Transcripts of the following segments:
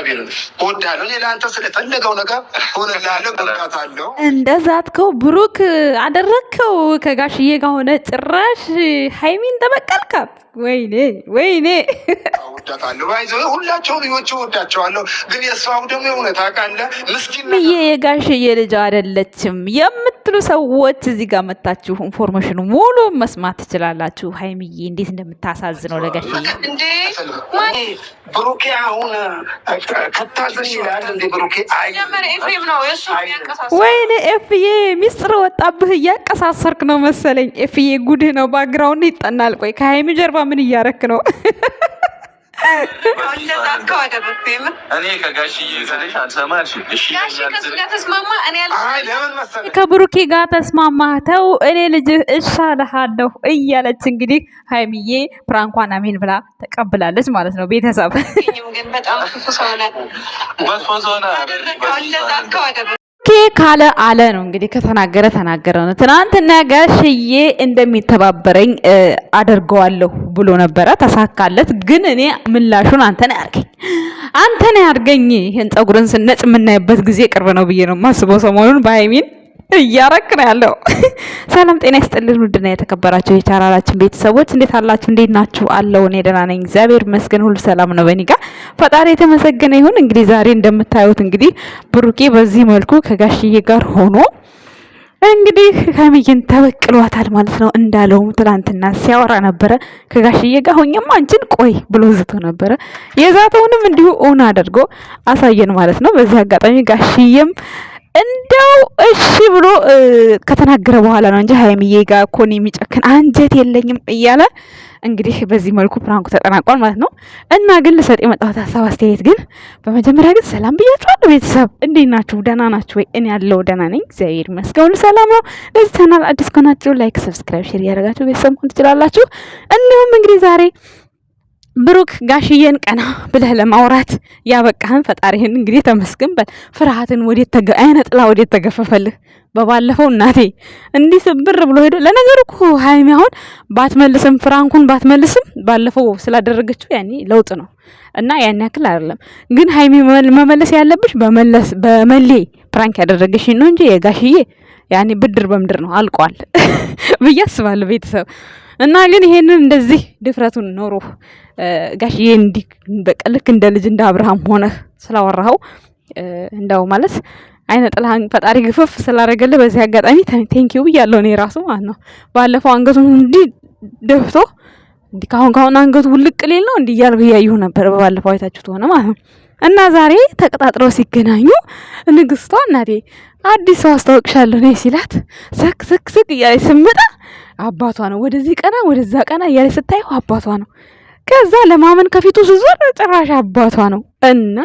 እግዚአብሔር እኔ ለአንተ ስለፈለገው ነገር አለው ብሩክ አደረግከው ከጋሽዬ ጋር ሆነ ጭራሽ ሀይሚን ተበቀልካት። ወይኔ ወይኔ እወዳታለሁ። ባይዘው ሁላቸው ልጆች እወዳቸዋለሁ። ግን የእሷው ደግሞ የሆነ ታውቃለህ፣ ምስኪን ይሄ የጋሽዬ ልጅ አይደለችም የምትሉ ሰዎች እዚህ ጋር መታችሁ ኢንፎርሜሽኑ ሙሉ መስማት ትችላላችሁ። ሀይሚዬ እንዴት እንደምታሳዝነው ለጋሽዬ እንዴ! ብሩኬ አሁን ከታዘሽ ይላል እንዴ! ብሩኬ አይ ወይኔ ኤፍዬ ሚስጥር ወጣብህ። እያቀሳሰርክ ነው መሰለኝ ኤፍዬ። ጉድህ ነው ባግራውንድ ይጠናል። ቆይ ከሀይሚ ጀርባ ምን እያረክ ነው? ከብሩኬ ጋር ተስማማተው እኔ ልጅ እሻልሃለሁ እያለች እንግዲህ ሀይሚዬ ፕራንኳን አሜን ብላ ተቀብላለች ማለት ነው። ቤተሰብ ኦኬ ካለ አለ ነው እንግዲህ ከተናገረ ተናገረ ነው። ትናንትና ጋር ሽዬ እንደሚተባበረኝ አደርገዋለሁ ብሎ ነበረ፣ ተሳካለት። ግን እኔ ምላሹን አንተ አንተን ያርገኝ አንተ አንተን ያርገኝ ይህን ጸጉርን ስነጭ የምናይበት ጊዜ ቅርብ ነው ብዬ ነው ማስበው ሰሞኑን በሀይሚን እያረክ ነው ያለው። ሰላም ጤና ይስጥልን ውድና የተከበራችሁ የቻናላችን ቤተሰቦች እንዴት አላችሁ? እንዴት ናችሁ? አለው እኔ ደህና ነኝ፣ እግዚአብሔር ይመስገን፣ ሁሉ ሰላም ነው በእኔ ጋር። ፈጣሪ የተመሰገነ ይሁን። እንግዲህ ዛሬ እንደምታዩት እንግዲህ ብሩኬ በዚህ መልኩ ከጋሽዬ ጋር ሆኖ እንግዲህ ሀይሚዬን ተበቅሏታል ማለት ነው። እንዳለውም ትላንትና ሲያወራ ነበረ ከጋሽዬ ጋር ሆኜም አንቺን ቆይ ብሎ ዝቶ ነበረ። የዛተውንም እንዲሁ ኦን አድርጎ አሳየን ማለት ነው። በዚህ አጋጣሚ ጋሽዬም እንደው እሺ ብሎ ከተናገረ በኋላ ነው እንጂ ሀይሚዬ ጋ እኮ እኔ የሚጨክን አንጀት የለኝም እያለ እንግዲህ በዚህ መልኩ ፕራንኩ ተጠናቋል ማለት ነው። እና ግን ልሰጥ የመጣሁት ሀሳብ አስተያየት ግን በመጀመሪያ ግን ሰላም ብያችኋለሁ ቤተሰብ፣ እንዴት ናችሁ? ደህና ናችሁ ወይ? እኔ ያለው ደህና ነኝ፣ እግዚአብሔር ይመስገን፣ ሰላም ነው። ለዚህ ቻናል አዲስ ከሆናችሁ ላይክ፣ ሰብስክራይብ፣ ሼር እያደረጋችሁ ቤተሰብ መሆን ትችላላችሁ። እንዲሁም እንግዲህ ዛሬ ብሩክ ጋሽዬን ቀና ብለህ ለማውራት ያበቃህን ፈጣሪህን እንግዲህ ተመስገን በል። ፍርሃትን ወዴት ተገ አይነ ጥላ ወዴት ተገፈፈልህ? በባለፈው እናቴ እንዲህ ስብር ብሎ ሄዶ ለነገሩ እኮ ሀይሚ አሁን ባትመልስም ፍራንኩን ባትመልስም ባለፈው ስላደረገችው ያኔ ለውጥ ነው እና ያን ያክል አይደለም። ግን ሀይሚ መመለስ ያለብሽ በመለስ በመሌ ፕራንክ ያደረገሽ ነው እንጂ የጋሽዬ ያኔ ብድር በምድር ነው አልቋል ብዬ አስባለሁ ቤተሰብ እና ግን ይሄንን እንደዚህ ድፍረቱን ኖሮ ጋሽዬ እንዲህ በቃ ልክ እንደ ልጅ እንደ አብርሃም ሆነ ስላወራኸው እንዳው ማለት አይነ ጥላህን ፈጣሪ ግፍፍ ስላደረገልህ በዚህ አጋጣሚ ቴንኪው ብያለሁ። እኔ ራሱ ማለት ነው ባለፈው አንገቱን እንዲ ደፍቶ እንዲ ካሁን ካሁን አንገቱ ውልቅ ሊል ነው እንዲ እያልኩ እያየሁ ነበር። በባለፈው አይታችሁ ተሆነ ማለት ነው እና ዛሬ ተቀጣጥረው ሲገናኙ ንግስቷ እናቴ አዲስ ሰው አስታውቅሻለሁ ነይ ሲላት ሰክ ሰክ ሰክ እያለች ስመጣ አባቷ ነው። ወደዚህ ቀና ወደዛ ቀና እያለ ስታየው አባቷ ነው። ከዛ ለማመን ከፊቱ ስዞር ጭራሽ አባቷ ነው። እና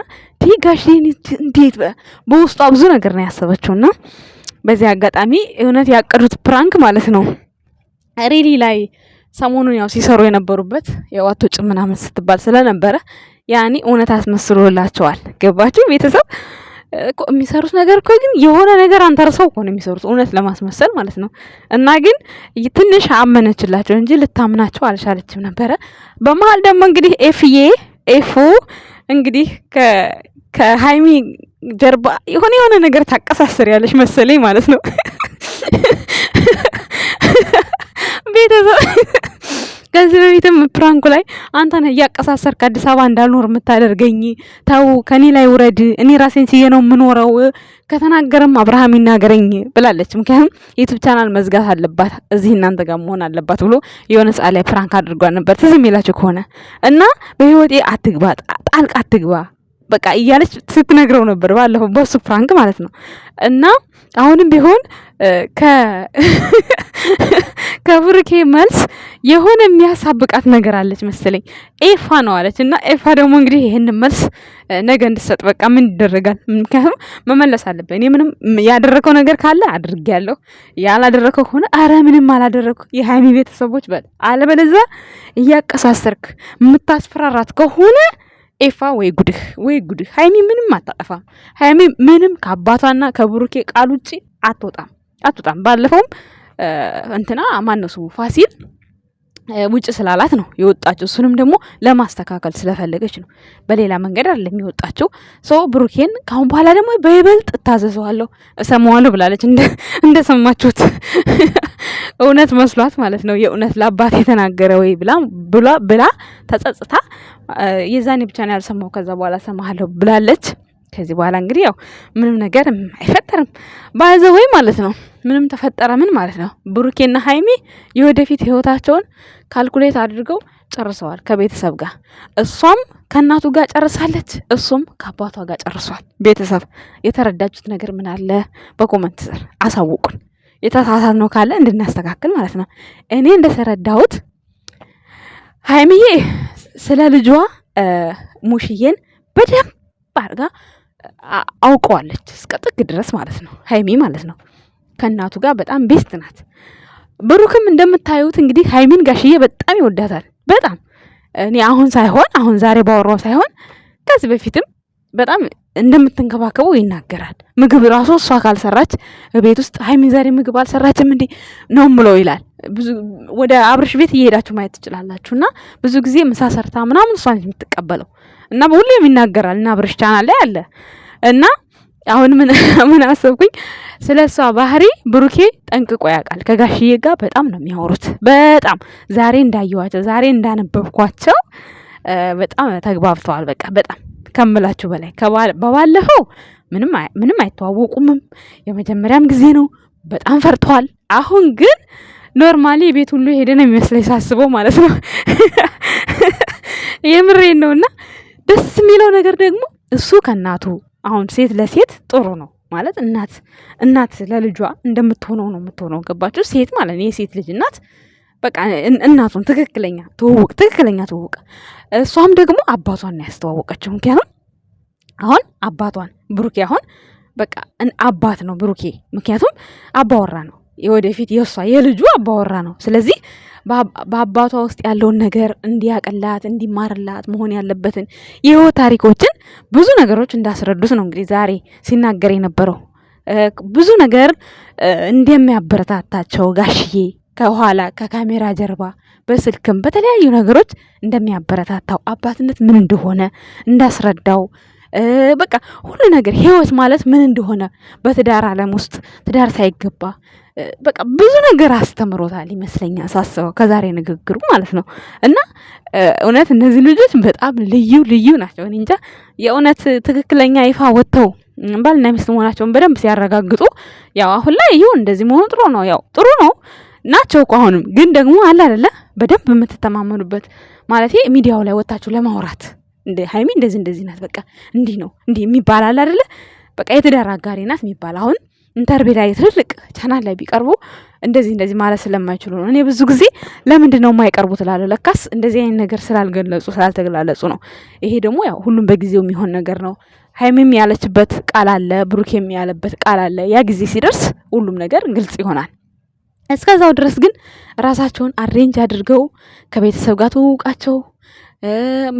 ቲጋሽ እንዴት በውስጧ ብዙ ነገር ነው ያሰበችው። እና በዚህ አጋጣሚ እውነት ያቀዱት ፕራንክ ማለት ነው ሬሊ ላይ ሰሞኑን ያው ሲሰሩ የነበሩበት የዋቶ ጭ ምናምን ስትባል ስለነበረ ያኔ እውነት አስመስሎላቸዋል። ገባችሁ ቤተሰብ የሚሰሩት ነገር እኮ ግን የሆነ ነገር አንተርሰው እኮ ነው የሚሰሩት፣ እውነት ለማስመሰል ማለት ነው። እና ግን ትንሽ አመነችላቸው እንጂ ልታምናቸው አልቻለችም ነበረ። በመሀል ደግሞ እንግዲህ ኤፍዬ ኤፉ እንግዲህ ከሀይሚ ጀርባ የሆነ የሆነ ነገር ታቀሳስር ያለች መሰለኝ ማለት ነው ቤተሰብ ከዚህ በፊትም ፕራንኩ ላይ አንተን እያቀሳሰርክ አዲስ አበባ እንዳልኖር የምታደርገኝ ተው፣ ከኔ ላይ ውረድ፣ እኔ ራሴን ችዬ ነው የምኖረው፣ ከተናገረም አብርሃም ይናገረኝ ብላለች። ምክንያቱም ዩቱብ ቻናል መዝጋት አለባት፣ እዚህ እናንተ ጋር መሆን አለባት ብሎ የሆነ ሰዓት ላይ ፕራንክ አድርጓል ነበር፣ ትዝ የሚላችሁ ከሆነ እና በህይወቴ አትግባ፣ ጣልቅ አትግባ በቃ እያለች ስትነግረው ነበር ባለፈው በሱ ፍራንክ ማለት ነው። እና አሁንም ቢሆን ከብሩኬ መልስ የሆነ የሚያሳብቃት ነገር አለች መሰለኝ። ኤፋ ነው አለች እና ኤፋ ደግሞ እንግዲህ ይህን መልስ ነገ እንድሰጥ በቃ ምን ይደረጋል? ምክንያቱም መመለስ አለብን። እኔ ምንም ያደረከው ነገር ካለ አድርግ ያለው ያላደረከው ከሆነ አረ ምንም አላደረኩ የሀይሚ ቤተሰቦች በል፣ አለበለዚያ እያቀሳሰርክ የምታስፈራራት ከሆነ ኤፋ ወይ ጉድህ ወይ ጉድህ። ሀይሚ ምንም አታጠፋ። ሀይሚ ምንም ከአባቷና ከብሩኬ ቃል ውጭ አትወጣም አትወጣም። ባለፈውም እንትና ማነሱ ፋሲል ውጭ ስላላት ነው የወጣችው። እሱንም ደግሞ ለማስተካከል ስለፈለገች ነው። በሌላ መንገድ አይደለም የወጣችው። ሰው ብሩኬን ካሁን በኋላ ደግሞ በይበልጥ እታዘዘዋለሁ፣ እሰማዋለሁ ብላለች። እንደሰማችሁት እውነት መስሏት ማለት ነው። የእውነት ለአባት የተናገረ ወይ ብላ ብላ ተጸጽታ የዛኔ ብቻ ነው ያልሰማው፣ ከዛ በኋላ ሰማሃለሁ ብላለች። ከዚህ በኋላ እንግዲህ ያው ምንም ነገር አይፈጠርም ባዘ ወይ ማለት ነው። ምንም ተፈጠረ ምን ማለት ነው? ብሩኬና ሀይሚ የወደፊት ህይወታቸውን ካልኩሌት አድርገው ጨርሰዋል ከቤተሰብ ጋር። እሷም ከእናቱ ጋር ጨርሳለች፣ እሱም ከአባቷ ጋር ጨርሷል። ቤተሰብ የተረዳችሁት ነገር ምን አለ? በኮመንት ስር አሳውቁን። የተሳሳት ነው ካለ እንድናስተካክል ማለት ነው። እኔ እንደተረዳሁት ሀይሚዬ ስለ ልጇ ሙሽዬን በደንብ አድርጋ አውቀዋለች እስከ ጥግ ድረስ ማለት ነው። ሀይሚ ማለት ነው። ከእናቱ ጋር በጣም ቤስት ናት። ብሩክም እንደምታዩት እንግዲህ ሀይሚን ጋሽዬ በጣም ይወዳታል። በጣም እኔ አሁን ሳይሆን አሁን ዛሬ ባወራው ሳይሆን ከዚህ በፊትም በጣም እንደምትንከባከበው ይናገራል። ምግብ ራሱ እሷ ካልሰራች ቤት ውስጥ ሀይሚን ዛሬ ምግብ አልሰራችም እንዲ ነው ምለው ይላል። ብዙ ወደ አብርሽ ቤት እየሄዳችሁ ማየት ትችላላችሁ። እና ብዙ ጊዜ ምሳ ሰርታ ምናምን እሷ የምትቀበለው እና ሁሌም ይናገራል እና አብርሽ ቻናል ላይ አለ እና አሁን ምን ምን አሰብኩኝ? ስለ እሷ ባህሪ ብሩኬ ጠንቅቆ ያውቃል። ከጋሽዬ ጋር በጣም ነው የሚያወሩት። በጣም ዛሬ እንዳየዋቸው ዛሬ እንዳነበብኳቸው በጣም ተግባብተዋል። በቃ በጣም ከምላችሁ በላይ በባለፈው ምንም አይተዋወቁምም፣ የመጀመሪያም ጊዜ ነው። በጣም ፈርተዋል። አሁን ግን ኖርማሊ ቤት ሁሉ ሄደ ነው የሚመስለኝ ሳስበው ማለት ነው። የምሬን እና ደስ የሚለው ነገር ደግሞ እሱ ከእናቱ አሁን ሴት ለሴት ጥሩ ነው ማለት እናት እናት ለልጇ እንደምትሆነው ነው የምትሆነው። ገባችሁ? ሴት ማለት ነው የሴት ልጅ እናት በቃ እናቱን ትክክለኛ ትውውቅ ትክክለኛ ትውውቅ። እሷም ደግሞ አባቷን ነው ያስተዋወቀችው። ምክንያቱም አሁን አባቷን ብሩኬ አሁን በቃ አባት ነው ብሩኬ፣ ምክንያቱም አባወራ ነው የወደፊት የእሷ የልጁ አባወራ ነው። ስለዚህ በአባቷ ውስጥ ያለውን ነገር እንዲያቀላት እንዲማርላት መሆን ያለበትን የህይወት ታሪኮችን ብዙ ነገሮች እንዳስረዱት ነው እንግዲህ ዛሬ ሲናገር የነበረው ብዙ ነገር እንደሚያበረታታቸው ጋሽዬ ከኋላ ከካሜራ ጀርባ በስልክም በተለያዩ ነገሮች እንደሚያበረታታው አባትነት ምን እንደሆነ እንዳስረዳው በቃ ሁሉ ነገር ህይወት ማለት ምን እንደሆነ በትዳር ዓለም ውስጥ ትዳር ሳይገባ በቃ ብዙ ነገር አስተምሮታል ይመስለኛል ሳስበው ከዛሬ ንግግሩ ማለት ነው። እና እውነት እነዚህ ልጆች በጣም ልዩ ልዩ ናቸው። እንጃ የእውነት ትክክለኛ ይፋ ወጥተው ባልና ሚስት መሆናቸውን በደንብ ሲያረጋግጡ ያው አሁን ላይ ይሁን እንደዚህ መሆኑ ጥሩ ነው። ያው ጥሩ ነው ናቸው እኮ አሁንም ግን ደግሞ አለ አይደለ በደንብ የምትተማመኑበት ማለት ሚዲያው ላይ ወጥታችሁ ለማውራት እንደ ሀይሚ እንደዚህ እንደዚህ ናት በቃ እንዲህ ነው እንዲህ የሚባል አለ አይደለ በቃ የትዳር አጋሪ ናት የሚባል አሁን ኢንተርቤ ላይ ትልልቅ ቻናል ላይ ቢቀርቡ እንደዚህ እንደዚህ ማለት ስለማይችሉ ነው። እኔ ብዙ ጊዜ ለምንድን ነው የማይቀርቡ ትላለሁ። ለካስ እንደዚህ አይነት ነገር ስላልገለጹ ስላልተገላለጹ ነው። ይሄ ደግሞ ያው ሁሉም በጊዜው የሚሆን ነገር ነው። ሀይሚም ያለችበት ቃል አለ፣ ብሩክ ያለበት ቃል አለ። ያ ጊዜ ሲደርስ ሁሉም ነገር ግልጽ ይሆናል። እስከዛው ድረስ ግን ራሳቸውን አሬንጅ አድርገው ከቤተሰብ ጋር ትውውቃቸው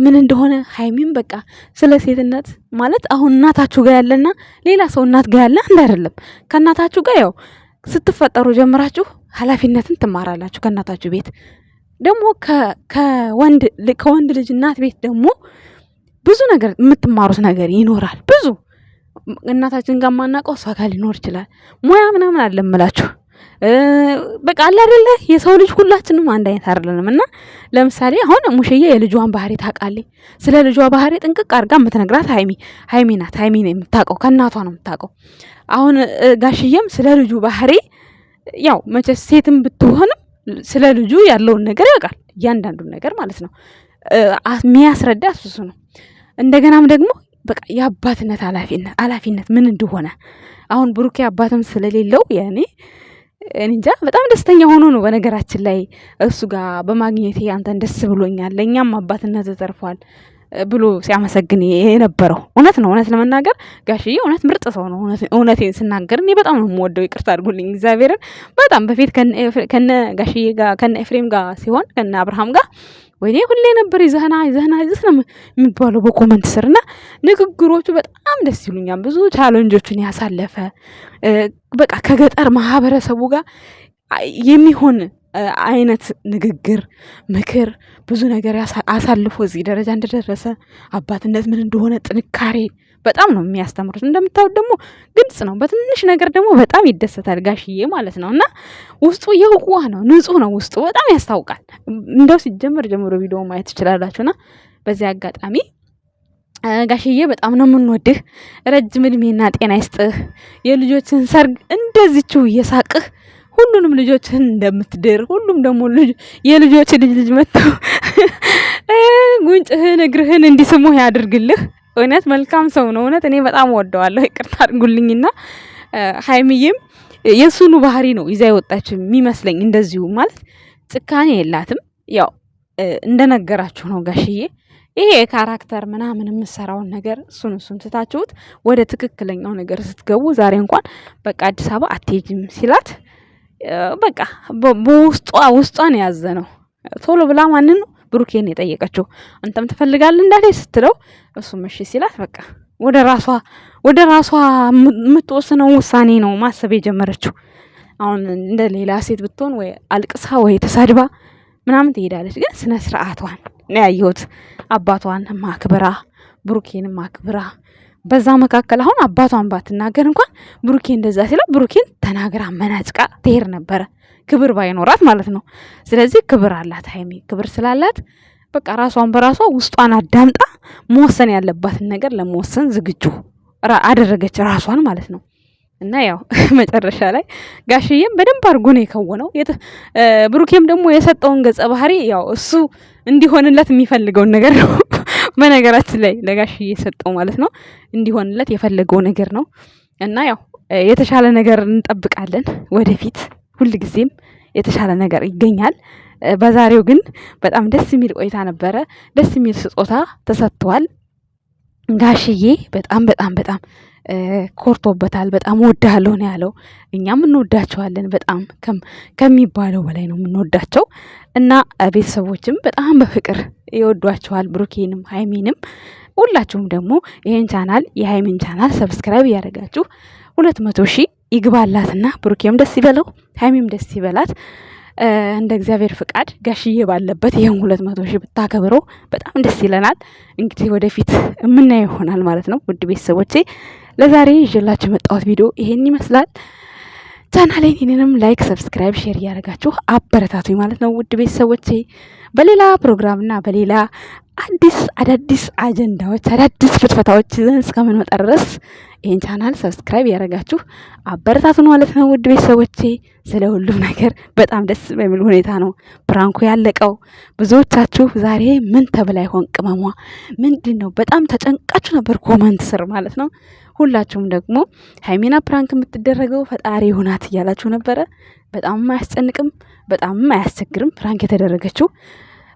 ምን እንደሆነ ሀይሚም በቃ ስለ ሴትነት ማለት አሁን እናታችሁ ጋር ያለና ሌላ ሰው እናት ጋር ያለ አንድ አይደለም። ከእናታችሁ ጋር ያው ስትፈጠሩ ጀምራችሁ ኃላፊነትን ትማራላችሁ። ከእናታችሁ ቤት ደግሞ ከወንድ ልጅ እናት ቤት ደግሞ ብዙ ነገር የምትማሩት ነገር ይኖራል። ብዙ እናታችን ጋር ማናውቀው እሷ ጋር ሊኖር ይችላል። ሙያ ምናምን አለምላችሁ በቃ አለ አይደለ የሰው ልጅ ሁላችንም አንድ አይነት አይደለንም። እና ለምሳሌ አሁን ሙሽዬ የልጇን ባህሪ ታውቃለች። ስለ ልጇ ባህሪ ጥንቅቅ አድርጋ የምትነግራት ሀይሚ ሀይሚ ናት። ሀይሚ ነው የምታውቀው፣ ከእናቷ ነው የምታውቀው። አሁን ጋሽዬም ስለ ልጁ ባህሪ ያው መቼ ሴትም ብትሆንም ስለ ልጁ ያለውን ነገር ያውቃል፣ እያንዳንዱን ነገር ማለት ነው። የሚያስረዳ እሱ ነው። እንደገናም ደግሞ በቃ የአባትነት ኃላፊነት ምን እንደሆነ አሁን ብሩኬ አባትም ስለሌለው ያኔ እንጃ በጣም ደስተኛ ሆኖ ነው። በነገራችን ላይ እሱ ጋር በማግኘቴ አንተን ደስ ብሎኛል፣ ለእኛም አባትነት ተጠርፏል ብሎ ሲያመሰግን የነበረው እውነት ነው። እውነት ለመናገር ጋሽዬ እውነት ምርጥ ሰው ነው። እውነቴን ስናገር እኔ በጣም ነው የምወደው። ይቅርታ አድርጉልኝ እግዚአብሔርን በጣም በፊት ከነ ጋሽዬ ጋር ከነ ኤፍሬም ጋር ሲሆን ከነ አብርሃም ጋር ወይኔ ሁሌ ነበር ይዘህና ዘህና ይዘህ ነው የሚባለው በኮመንት ስር እና ንግግሮቹ በጣም ደስ ይሉኛል። ብዙ ቻለንጆችን ያሳለፈ በቃ ከገጠር ማህበረሰቡ ጋር የሚሆን አይነት ንግግር፣ ምክር፣ ብዙ ነገር አሳልፎ እዚህ ደረጃ እንደደረሰ አባትነት ምን እንደሆነ ጥንካሬ በጣም ነው የሚያስተምሩት። እንደምታዩት ደግሞ ግልጽ ነው። በትንሽ ነገር ደግሞ በጣም ይደሰታል ጋሽዬ ማለት ነው። እና ውስጡ የውቋ ነው፣ ንጹህ ነው። ውስጡ በጣም ያስታውቃል። እንደው ሲጀመር ጀምሮ ቪዲዮ ማየት ትችላላችሁና በዚህ አጋጣሚ ጋሽዬ በጣም ነው የምንወድህ። ረጅም እድሜና ጤና ይስጥህ። የልጆችን ሰርግ እንደዚችው እየሳቅህ ሁሉንም ልጆችህን እንደምትድር ሁሉም ደግሞ የልጆች ልጅ ልጅ መጥተው ጉንጭህን እግርህን እንዲስሙህ ያድርግልህ። እውነት መልካም ሰው ነው። እውነት እኔ በጣም ወደዋለሁ። ይቅርታ አድርጉልኝና ሀይሚዬም የእሱኑ ባህሪ ነው ይዛ የወጣችው የሚመስለኝ። እንደዚሁ ማለት ጭካኔ የላትም። ያው እንደነገራችሁ ነው ጋሽዬ ይሄ የካራክተር ምናምን የምሰራውን ነገር እሱን እሱን ስታችሁት ወደ ትክክለኛው ነገር ስትገቡ ዛሬ እንኳን በቃ አዲስ አበባ አትሄጂም ሲላት በቃ በውስጧ ውስጧን የያዘ ነው። ቶሎ ብላ ማንን ነው ብሩኬን የጠየቀችው። አንተም ትፈልጋለህ እንዳለ ስትለው እሱም እሺ ሲላት በቃ ወደ ራሷ ወደ ራሷ የምትወስነው ውሳኔ ነው ማሰብ የጀመረችው። አሁን እንደ ሌላ ሴት ብትሆን ወይ አልቅሳ ወይ ተሳድባ ምናምን ትሄዳለች። ግን ስነ ስርዓቷን ነው ያየሁት። አባቷን ማክብራ ብሩኬን ማክብራ በዛ መካከል አሁን አባቷን ባትናገር እንኳን ብሩኬን እንደዛ ሲላ ብሩኬን ተናግራ መናጭቃ ትሄድ ነበረ። ክብር ባይኖራት ማለት ነው። ስለዚህ ክብር አላት ሀይሚ። ክብር ስላላት በቃ ራሷን በራሷ ውስጧን አዳምጣ መወሰን ያለባትን ነገር ለመወሰን ዝግጁ አደረገች ራሷን ማለት ነው። እና ያው መጨረሻ ላይ ጋሽዬም በደንብ አድርጎ ነው የከወነው። ብሩኬም ደግሞ የሰጠውን ገጸ ባህሪ ያው እሱ እንዲሆንለት የሚፈልገውን ነገር ነው። በነገራችን ላይ ለጋሽዬ የሰጠው ማለት ነው እንዲሆንለት የፈለገው ነገር ነው። እና ያው የተሻለ ነገር እንጠብቃለን ወደፊት ጊዜም የተሻለ ነገር ይገኛል። በዛሬው ግን በጣም ደስ የሚል ቆይታ ነበረ። ደስ የሚል ስጦታ ተሰጥቷል። ጋሽዬ በጣም በጣም በጣም ኮርቶበታል። በጣም ወዳለሁ ነው ያለው። እኛም እንወዳቸዋለን በጣም ከሚባለው በላይ ነው የምንወዳቸው እና ቤተሰቦችም በጣም በፍቅር ይወዷቸዋል። ብሩኬንም ሀይሚንም ሁላችሁም ደግሞ ይህን ቻናል የሀይሚን ቻናል ሰብስክራይብ እያደረጋችሁ ሁለት መቶ ሺህ ይግባላትና ብሩኬም ደስ ይበለው፣ ሀይሚም ደስ ይበላት። እንደ እግዚአብሔር ፍቃድ ጋሽዬ ባለበት ይህን ሁለት መቶ ሺህ ብታከብረው በጣም ደስ ይለናል። እንግዲህ ወደፊት የምናየው ይሆናል ማለት ነው። ውድ ቤተሰቦቼ ለዛሬ ይዤላችሁ የመጣሁት ቪዲዮ ይሄን ይመስላል። ቻናሌን ይህንንም ላይክ፣ ሰብስክራይብ፣ ሼር እያደረጋችሁ አበረታቱኝ ማለት ነው። ውድ ቤተሰቦቼ በሌላ ፕሮግራምና በሌላ አዲስ አዳዲስ አጀንዳዎች አዳዲስ ፍትፈታዎች ይዘን እስከምንመጣ ድረስ ይህን ቻናል ሰብስክራይብ ያደረጋችሁ አበረታቱን ማለት ነው። ውድ ቤተሰቦቼ ስለ ሁሉም ነገር በጣም ደስ በሚል ሁኔታ ነው ፕራንኩ ያለቀው። ብዙዎቻችሁ ዛሬ ምን ተብላ ይሆን ቅመሟ ምንድን ነው በጣም ተጨንቃችሁ ነበር፣ ኮመንት ስር ማለት ነው። ሁላችሁም ደግሞ ሀይሚና ፕራንክ የምትደረገው ፈጣሪ ይሁናት እያላችሁ ነበረ። በጣም አያስጨንቅም፣ በጣም አያስቸግርም። ፕራንክ የተደረገችው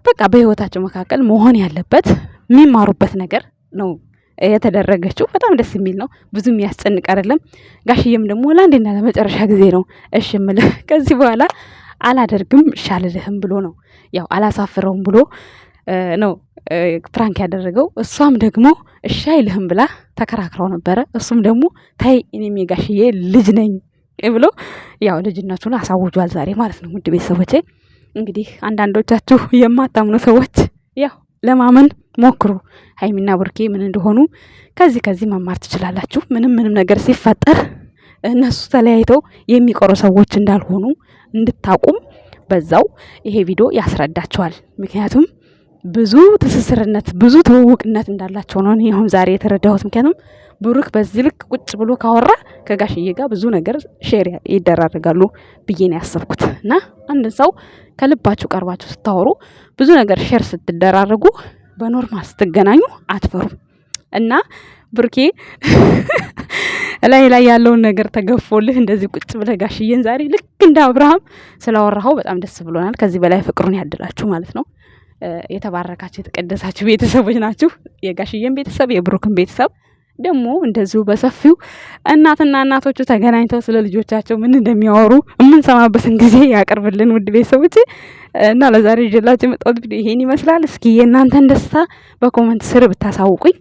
በቃ በህይወታቸው መካከል መሆን ያለበት የሚማሩበት ነገር ነው የተደረገችው በጣም ደስ የሚል ነው። ብዙ የሚያስጨንቅ አይደለም። ጋሽዬም ደግሞ ለአንዴና ለመጨረሻ ጊዜ ነው እሺ እምልህ ከዚህ በኋላ አላደርግም ሻልልህም ብሎ ነው ያው አላሳፍረውም ብሎ ነው ፕራንክ ያደረገው። እሷም ደግሞ እሺ አይልህም ብላ ተከራክረው ነበረ። እሱም ደግሞ ታይ እኔም የጋሽዬ ልጅ ነኝ ብሎ ያው ልጅነቱን አሳውጇል ዛሬ ማለት ነው። ውድ ቤተሰቦቼ እንግዲህ አንዳንዶቻችሁ የማታምኑ ሰዎች ያው ለማመን ሞክሩ። ሀይሚና ብሩኬ ምን እንደሆኑ ከዚህ ከዚህ መማር ትችላላችሁ። ምንም ምንም ነገር ሲፈጠር እነሱ ተለያይተው የሚቀሩ ሰዎች እንዳልሆኑ እንድታቁም በዛው ይሄ ቪዲዮ ያስረዳቸዋል። ምክንያቱም ብዙ ትስስርነት ብዙ ትውውቅነት እንዳላቸው ነው እኔ አሁን ዛሬ የተረዳሁት። ምክንያቱም ብሩክ በዚህ ልክ ቁጭ ብሎ ካወራ ከጋሽዬ ጋር ብዙ ነገር ሼር ይደራረጋሉ ብዬ ነው ያሰብኩት። እና አንድን ሰው ከልባችሁ ቀርባችሁ ስታወሩ ብዙ ነገር ሼር ስትደራረጉ በኖርማል ስትገናኙ አትፈሩም። እና ብሩኬ ላይ ላይ ያለውን ነገር ተገፎልህ እንደዚህ ቁጭ ብለህ ጋሽዬን ዛሬ ልክ እንደ አብርሃም ስላወራኸው በጣም ደስ ብሎናል። ከዚህ በላይ ፍቅሩን ያድላችሁ ማለት ነው። የተባረካችሁ የተቀደሳችሁ ቤተሰቦች ናችሁ። የጋሽዬን ቤተሰብ የብሩክን ቤተሰብ ደግሞ እንደዚሁ በሰፊው እናትና እናቶቹ ተገናኝተው ስለ ልጆቻቸው ምን እንደሚያወሩ የምንሰማበትን ጊዜ ያቀርብልን። ውድ ቤተሰቦች እና ለዛሬ ይዤላችሁ የመጣሁት ቪዲዮ ይሄን ይመስላል። እስኪ የእናንተን ደስታ በኮመንት ስር ብታሳውቁኝ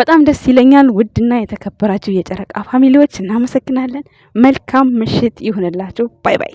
በጣም ደስ ይለኛል። ውድና የተከበራችሁ የጨረቃ ፋሚሊዎች እናመሰግናለን። መልካም ምሽት ይሁንላችሁ። ባይ ባይ።